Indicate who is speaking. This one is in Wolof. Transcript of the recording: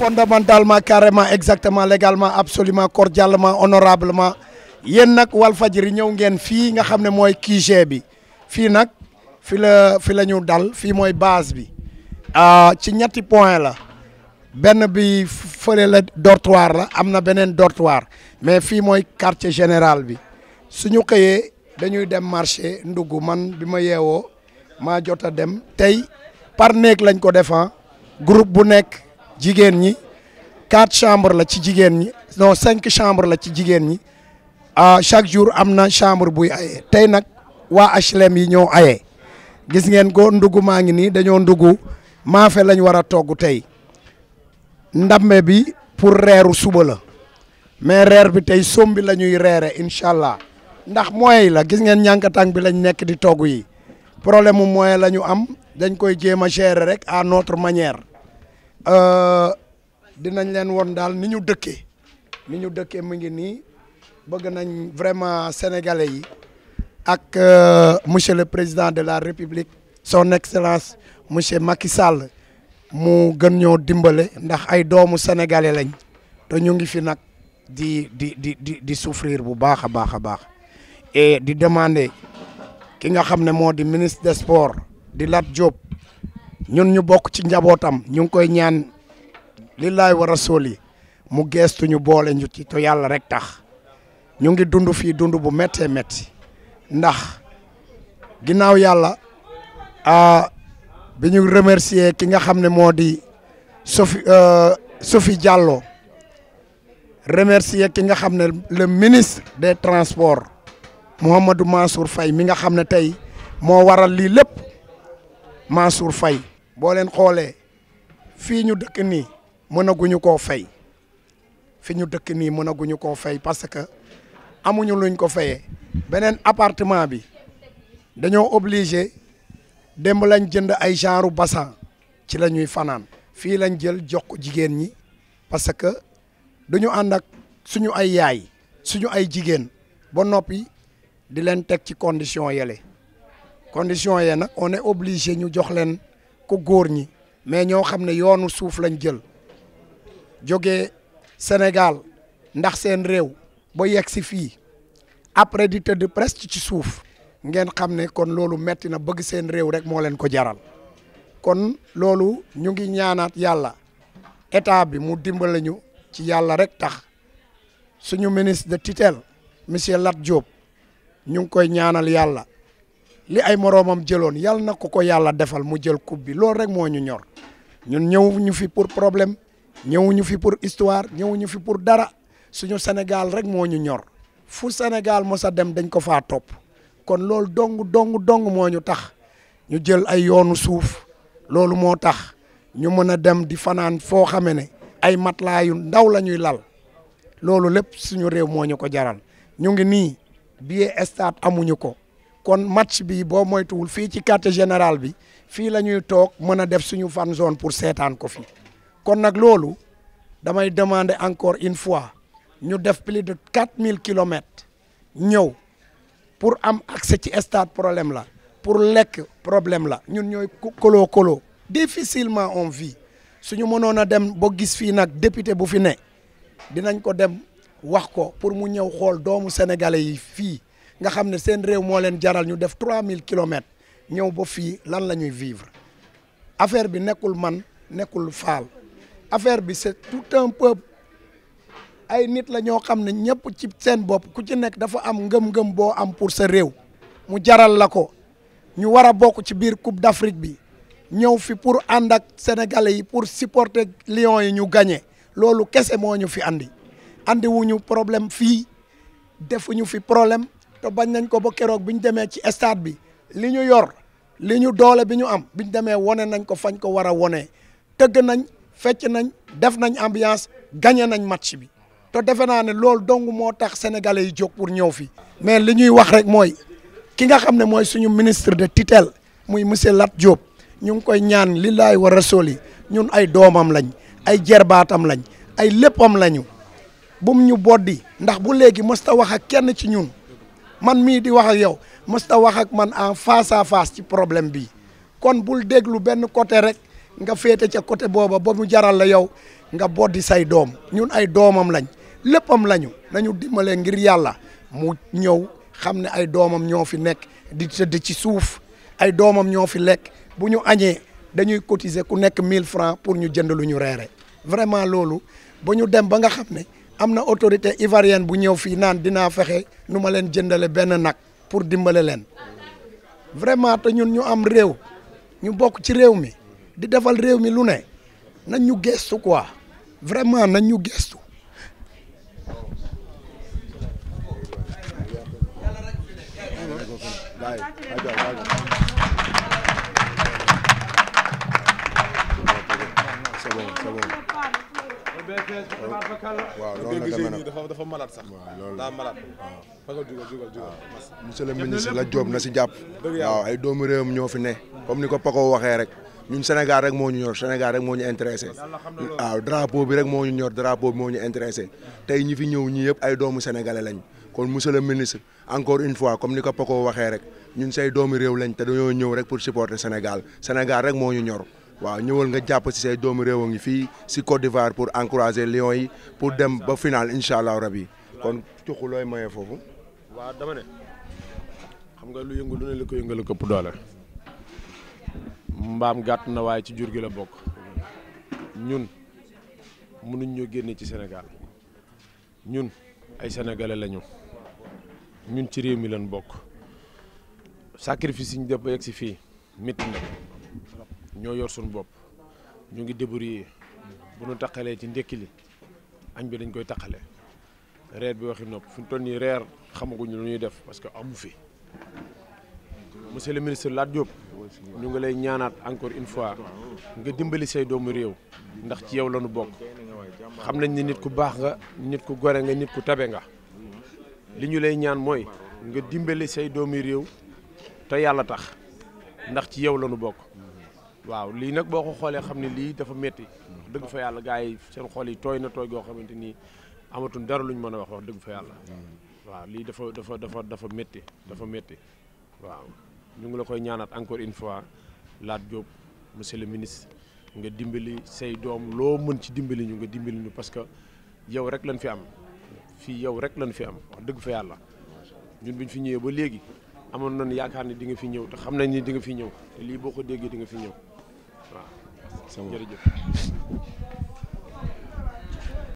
Speaker 1: fondamentalement carrément exactement légalement absolument cordialement honorablement yéen nag Walfadjri ñëw ngeen fii nga xam ne mooy QG bi fii nag fi la fi la ñu dal fii mooy base bi ah, ci ñetti point la benn bi fële la dortoir la am na beneen dortoir mais fii mooy quartier général bi suñu xëyee dañuy dem marché ndugg man bi ma yeewoo maa jot a dem tey par néeg lañ ko defan ah. groupe bu nekk jigéen ñi quatre chambres la ci jigéen ñi non cinq chambres la ci jigéen ñi ah, chaque jour am na chambre buy aye tey nag waa HLM yi ñoo aye gis ngeen ko ndugg maa ngi nii dañoo ndugg maafe lañ war a togg tey ndambe bi pour reeru suba la mais reer bi tey sombi la ñuy reere incha allah ndax yi la gis ngeen ñànkatang bi lañ nekk di togg yi problème mu moyen la ñu am dañ koy jéem a gérer rek à notre manière Euh, dinañ leen woon daal ni ñu dëkkee ni ñu dëkkee mu ngi nii bëgg nañ vraiment sénégalais yi ak euh, monsieur le président de la république son excellence monsieur Macky Sall mu gën ñoo dimbale ndax ay doomu sénégalais lañ te ñu ngi fi nag di di di di di souffrir bu baax a baax a baax et di demander ki nga xam ne moo di ministre de sports di Lat Diop ñun ñu bokk ci njabootam ñu ngi koy ñaan lillaay war a soli mu geestu ñu boole ñu ci yàlla rek tax ñu ngi dund fii dund bu méttee métti ndax ginnaaw yàlla bi ñu remercier ki nga xam ne moo di Sophie euh, Sophie Diallo remercier ki nga xam ne le ministre des transports Mouhamadou Mansour fay mi nga xam ne tey moo war a lii lépp Mansour fay boo leen xoolee fii ñu dëkk nii mënaguñu koo fay fi ñu dëkk nii mënaguñu koo fay parce que amuñu luñ ko fayee beneen appartement bi dañoo obligé démb lañ jënd ay genre bassin ci la ñuy fanaan fii lañ jël jox ko jigéen ñi parce que duñu ànd ak suñu ay yaay suñu ay jigéen ba noppi di leen teg ci condition yele condition yee nag on est ñu jox leen ko góor ñi mais ñoo xam ne yoonu suuf lañ jël jógee Sénégal ndax seen réew bo yegg si fii après di tëdd presque ci suuf ngeen xam ne kon loolu metti na bëgg seen réew rek moo leen ko jaral kon loolu ñu ngi ñaanaat yàlla état bi mu dimbale ñu ci yàlla rek tax suñu ministre de tutelle monsieur Lat Diop ñu ngi koy ñaanal yàlla li ay moroomam jëloon yal na ko ko yàlla defal mu jël coupe bi loolu rek moo ñu ñor ñun ñëwuñu fi pour problème ñëwuñu fi pour histoire ñëwuñu fi pour dara suñu senegal rek moo ñu ñor fu senegal mos dem dañ ko faa topp kon loolu dong dong dong moo ñu tax ñu jël ay yoonu suuf loolu moo tax ñu mën a dem di fanaan foo xame ne ay matelas yu ndaw la ñuy lal loolu lépp suñu réew moo ñu ko jaral ñu ngi nii billet stade amuñu ko kon match bi boo moytuwul fii ci quartier général bi fii la ñuy toog mën a def suñu fan zone pour seetaan ko fi kon nag loolu damay demander encore une fois ñu def plus de quatre mille kilomètres ñëw pour am accès ci stade problème la pour lekk problème la ñun ñooy koloo koloo difficilement on vit suñu mënoon a dem ba gis fii nag député bu fi ne dinañ ko dem wax ko pour mu ñëw xool doomu sénégalais yi fii nga xam ne seen réew moo leen jaral ñu def mille kilomètres ñëw ba fii lan la ñuy vivre affaire bi nekkul man nekkul faal affaire bi c'est tout un peuple ay nit la ñoo xam ne ñëpp ci seen bopp ku ci nekk dafa am ngëm-ngëm boo am pour sa réew mu jaral la ko ñu war a bokk ci biir Coupe d'Afrique bi ñëw fi pour ànd ak sénégale yi pour supporter Lions yi ñu gañe loolu kese moo ñu fi andi andi wuñu problème fii defuñu fi problème te bañ nañ ko ba keroog bi ñu demee ci stade bi li ñu yor li ñu doole bi ñu am bi demee wone nañ ko fañ ko war a wone tëgg nañ fecc nañ def nañ ambiance gagné nañ match bi te defe naa ne loolu dong moo tax sénégalais yi jóg pour ñëw fi mais li ñuy wax rek mooy ki nga xam ne mooy suñu ministre de tutelle muy monsieur Lat Diop ñu ngi koy ñaan lillaay wa rasool yi ñun ay doomam lañ ay jerbaatam lañ ay léppam lañu bum ñu boddi ndax bu léegi mosta wax ak kenn ci ñun man mii di wax ak yow mësta wax ak man en face à face ci problème bii kon bul déglu benn côté rek nga féete ca côté booba ba mu jaral la yow nga boddi say doom ñun ay doomam lañ léppam lañu nañu dimbale ngir yàlla mu ñëw xam ne ay doomam ñoo fi nekk di tëdd ci suuf ay doomam ñoo fi lekk bu ñu añee dañuy cotiser ku nekk 1000 francs pour ñu jënd lu ñu reere vraiment loolu ba ñu dem ba nga xam ne am na autorité ivoirienne bu ñëw fii naan dina fexe nu ma leen jëndale benn nag pour dimbale leen vraiment te ñun ñu am réew ñu bokk ci réew mi di defal réew mi lu ne nañ ñu gestu quoi vraiment nañ ñu gestu
Speaker 2: Tá waaw loolu la demee nag dafa dafa malade sax. waaw loolu daa malade. waaw jugal jugal jugal.
Speaker 1: monsieur le ministre la Diop na si jàpp. waaw ay doomu réewam ñoo fi ne. comme ni ko Paco waxee rek. ñun Sénégal rek moo ñu ñor Sénégal rek moo ñu intéressé waaw drapeau bi rek moo ñu ñor drapeau bi moo ñu intéressé tey ñi fi ñëw ñi yëpp ay doomu sénégalais lañ kon monsieur le ministre encore une fois comme ni ko Paco waxee rek ñun say doomu réew lañ te dañoo ñëw rek pour supporter Sénégal Sénégal rek moo ñu ñor. waaw ñëwal nga jàpp si say doomu réew a ngi fii si Côte d'Ivoire pour encourager Lions yi pour dem ba final incha allah rabi kon
Speaker 2: cuxu looy maye foofu. waa dama xam nga lu yëngu lu ne li ko yëngal këpp doole. mbaam gàtt na waaye ci jur gi la bokk. ñun mënuñ ñoo génne ci Sénégal ñun ay sénégalais lañu ñun ci réew mi lañ bokk sacrifice yi ñu def ba si fii métti na. ñoo yor suñu bopp ñu ngi débrouillé bu nu taqalee ci ndékki li añ bi dañ koy taqale reer bi waxi nopp fu ñu toll nii reer xamaguñu lu ñuy def parce que amu fi monsieur le ministre Lat Diop ñu ngi lay ñaanaat encore une fois nga dimbali say doomu réew ndax ci yow lanu ñu bokk xam nañ ni nit ku baax nga nit ku gore nga nit ku tabe nga li ñu lay ñaan mooy nga dimbali say doomu réew te yàlla tax ndax ci yow la bokk waaw lii nag boo ko xoolee xam ne lii dafa métti dëgg fa yàlla gars yi seen xool yi tooy na tooy goo xamante ni amatuñ dara lu ñu mën a wax wax dëgg fa yàlla waaw lii dafa dafa dafa dafa métti dafa métti waaw ñu ngi la koy ñaanaat encore une fois Lat Diop monsieur le ministre nga dimbali say doom loo mën ci dimbali ñu nga dimbali parce que yow rek lañ fi am fii yow rek lañ fi am wax dëgg fa yàlla ñun buñ fi ñëwee ba léegi amoon nañ yaakaar ne di nga fi ñëw te xam nañ ni di nga fi ñëw te lii boo ko déggee di nga fi ñëw jërëjëf